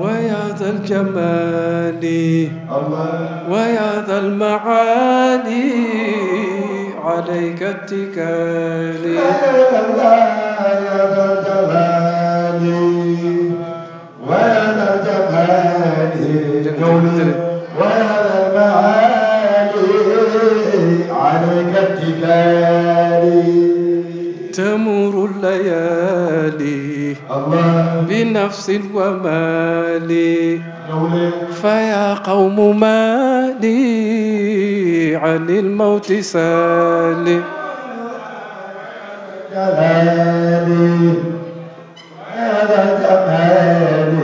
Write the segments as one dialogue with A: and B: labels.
A: ويا ذا الجمال ويا ذا المعالي عليك اتكالي يا ذا الجمال ويا ذا الجمال ويا ذا المعالي عليك اتكالي تمر الليالي بنفس ومال فيا قوم ما لي عن الموت سالي جلالي هذا جمالي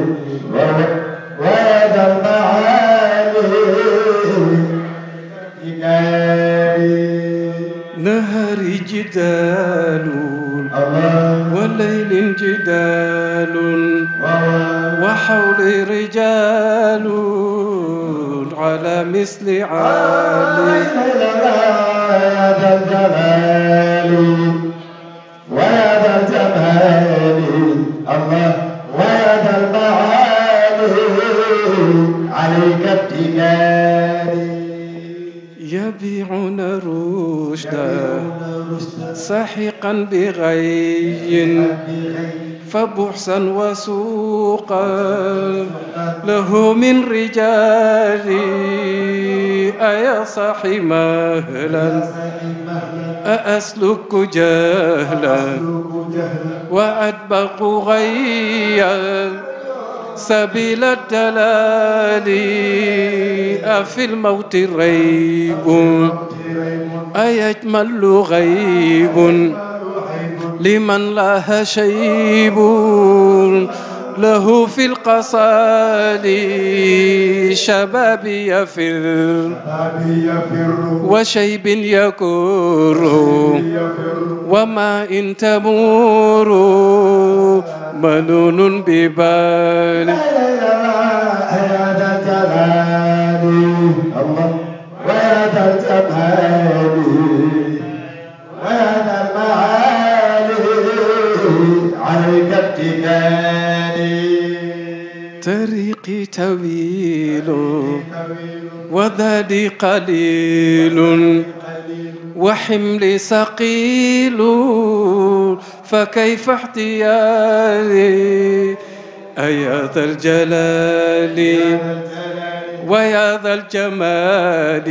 A: وهذا المعالي والنهر جدال والليل جدال وحول رجال على مثل عالي يا ذا الجلال حقا بغي فبحثا وسوقا له من رجالي أيا صاحي مهلا أأسلك جهلا وأدبق غيا سبيل الدلال أفي الموت ريب أيجمل غيب لمن لها شيب له في القصالي شباب يفر وشيب يكر وما إن تمور منون ببال يا ذا الجلال الله ويا ذا الجمال الولد قليل وحمل ثقيل فكيف احتيالي أيا ذا الجلال ويا ذا الجمال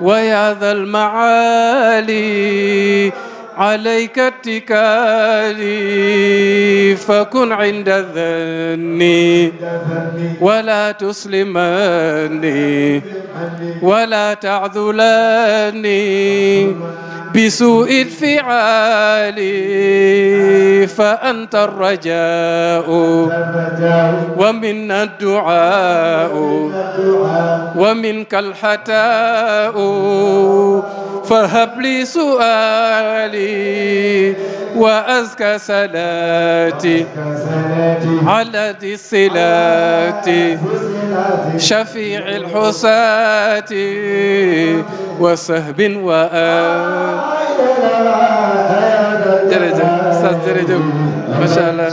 A: ويا ذا المعالي عليك اتكالي فكن عند الذني ولا تسلمني ولا تعذلني بسوء الفعال فأنت الرجاء ومنا الدعاء ومنك الحتاء فهب لي سؤالي وأزكى صلاتي على ذي الصلاة شفيع الحساة وصحب وآل جرجب أستاذ جرجب ما شاء الله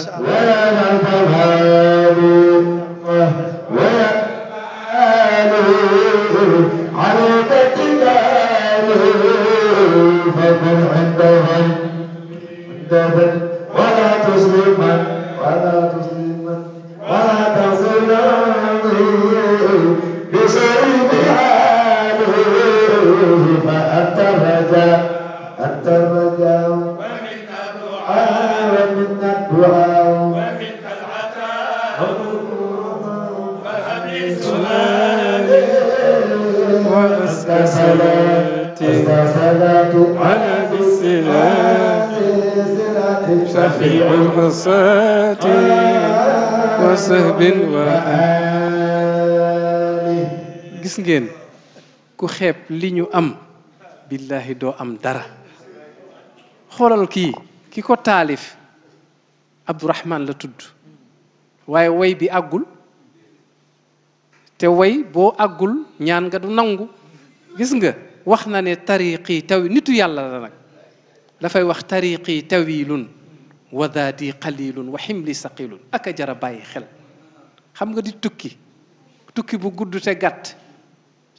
B: أنت الرجاء ومنك الدعاء ومنك الدعاء ومنك العطاء فهب لي سؤالي وأسكى صلاتي
A: على ذي السلاح شفيع العصاة وسهب وآله gis ngeen ku xeeb li ñu am billaahi doo am dara xoolal kii ki ko taalif Abdourahman la tudd waaye woy bi àggul te woy boo àggul ñaan nga du nangu gis nga wax na ne tariqi taw nitu yàlla la nag dafay wax tariqi tawilun wa daadi qalilun wa ximli saqilun ak a jara bàyyi xel xam nga di tukki tukki bu gudd te gàtt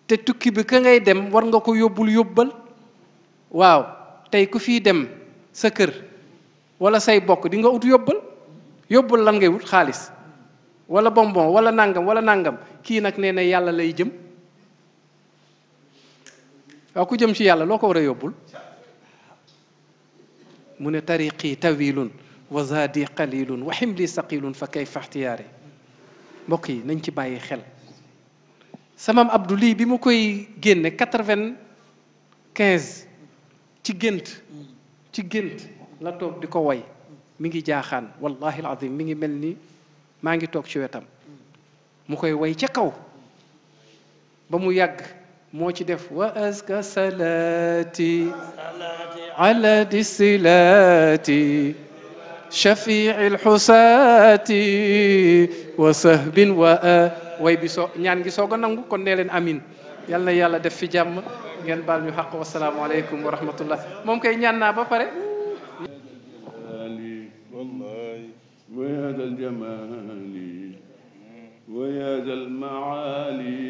A: te tukki bi ka ngay dem war nga ko yóbbul yóbbal waaw tey ku fi dem sa kër wala say bokk di nga ut yóbbal yóbbal lan ngay wut xaalis wala bonbon wala nangam wala nàngam kii nag nee na yàlla lay jëm waaw ku jëm ci yàlla loo ko war a yóbbul mu ne tariqi tawilun wa zaadi qalilun wa ximli saqilun fa kayfa ixtiyaari mbokk yi nañ ci bàyyi xel samam abdu bi mu koy génne quatre-vingt-quinze ci gént ci gént la toog di ko way mi ngi jaaxaan wallahi alazim mi ngi mel ni maa ngi toog ci wetam mu koy way ca kaw ba mu yàgg moo ci def wa aska salaati ala disilaati shafii lxusaati wa sahbin wa way bi soo ñaan gi soog a nangu kon nee leen amin yal na yàlla def fi jàmm ngeen baal ñu xaq wasalaamualeykum wa rahmatullah moom kay ñaan naa ba pare
C: ويا ذا الجمال ويا ذا المعالي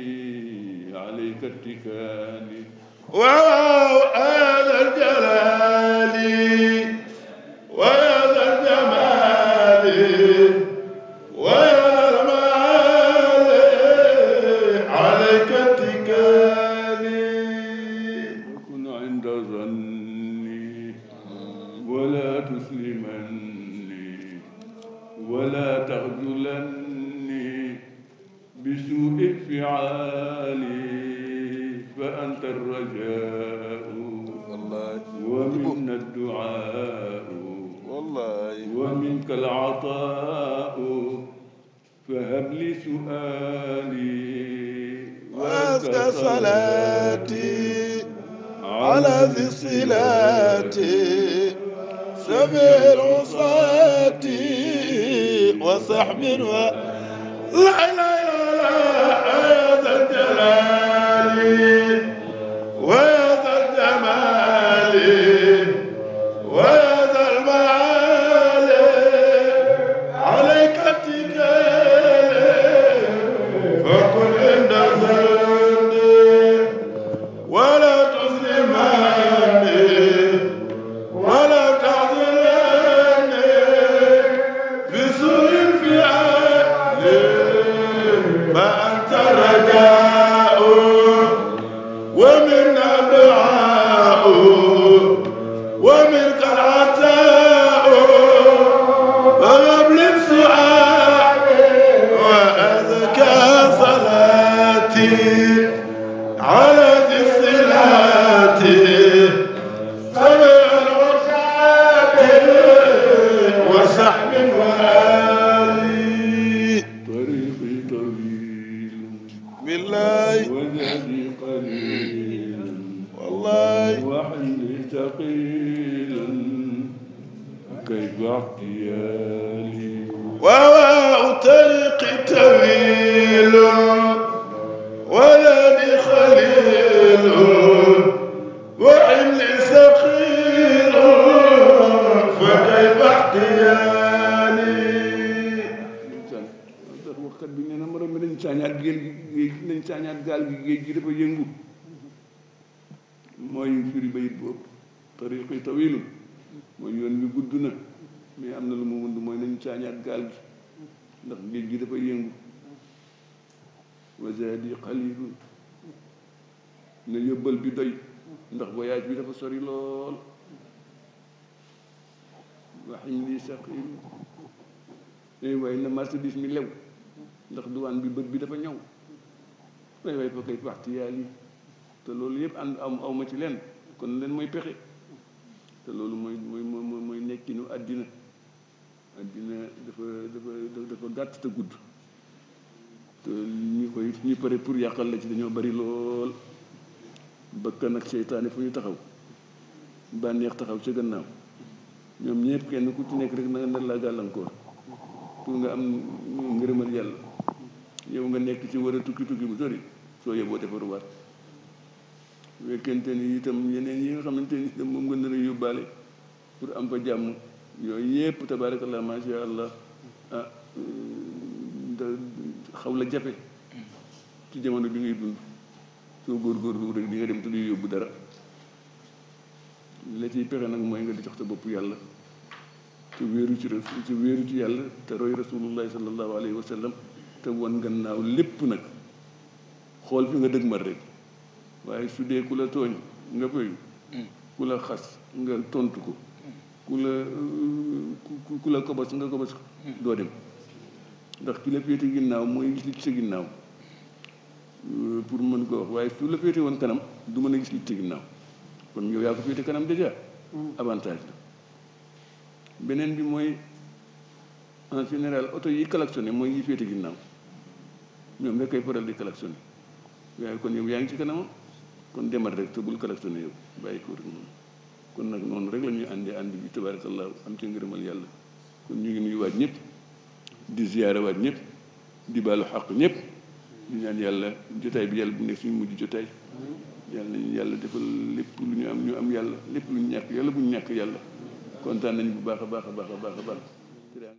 C: عليك اتكالي
B: واو
C: لني بسوء فعالي فأنت الرجاء والله ومنا الدعاء والله ومنك العطاء فهب لي سؤالي
B: وأنت صلاتي على ذي الصلات سبيل عصاتي وصحب لا لا لا هذا الجلال billaay wajadi qalil wallaay
C: waxni taqilan kay baxtiyali
B: وواء طريق طويل ولدي خليل وحمل ثقيل فكيف
C: احتيالي géej nañ sànniyaat gaal gi géej gi dafa yëngu mooy firi bayit boobu tariqi tawilu mooy yoon wi gudd na mais am na lu mu wund mooy nañ sànniyaat gaal gi ndax géej gi dafa yëngu wazadi qalilun ne bi dafa sori lool waxim li saqim eh, waaye na marchandise mi lew ndax duwaan bi bët bi dafa ñëw way way fa kay waxtu yaa te loolu yëpp ànd am awma ci leen kon leen mooy pexe te loolu mooy mooy mooy mooy nekkinu àddina àddina dafa dafa dafa gàtt te gudd te ñu koy ñu pare pour yàqal la ci dañoo bari lool bakkan ak seytaane fu ñu taxaw bànneex taxaw ca gannaaw ñoom ñëpp kenn ku ci nekk rek na laa gàllankoor pour nga am ngërëmal yàlla yow nga nekk ci war a tukki tukki bu sori soo yóbboo defaruwaat bu fekkente ni itam yeneen yi nga xamante ni itam moom nga nar a yóbbaale pour am fa jàmm yooyu yépp tabaarakallah macha allah ah, xaw la jafe ci jamono bi ngay dund soo góorgóorlu rek di nga dem te du yóbbu dara la ciy pexe nag mooy nga di jox sa bopp yàlla te wéeru ci te wéeru ci yàlla te roy rasulullahi sallallahu alayhi wa sallam te won gannaaw lépp nag xool fi nga ma rek waaye su dee ku la tooñ nga bëyu ku la xas nga tontu ko ku la ku la kobos nga kobos ko doo dem ndax ki la féete ginnaaw mooy gis li ci sa ginnaaw euh, pour mën ko wax waaye su la féete woon kanam du mën a gis li ci sa ginnaaw kon yow yaa ko féete kanam déjà avantage la beneen bi mooy en général oto yi klaxonné mooy yi féete ginnaaw ñoom nga koy faral di klaxonné waaye kon yow yaa ngi ci kanamam kon demal rek te bul klaxonné yow bàyyi ko rek noonu kon nag noonu rek la ñuy àndee ànd bi tabarakallah am ci ngërëmal yàlla kon ñu ngi nuyuwaat ñëpp di ziyaarawaat ñëpp di baalu xaq ñëpp ñu ñaan yàlla jotaay bi yàlla bu nekk suñu mujj jotaay yàlla nañu yàlla defal lépp lu ñu am ñu
B: am yàlla lépp lu ñu ñàkk yàlla bu ñu ñàkk yàlla kontaan nañu bu baax a baax a baax a baax a baax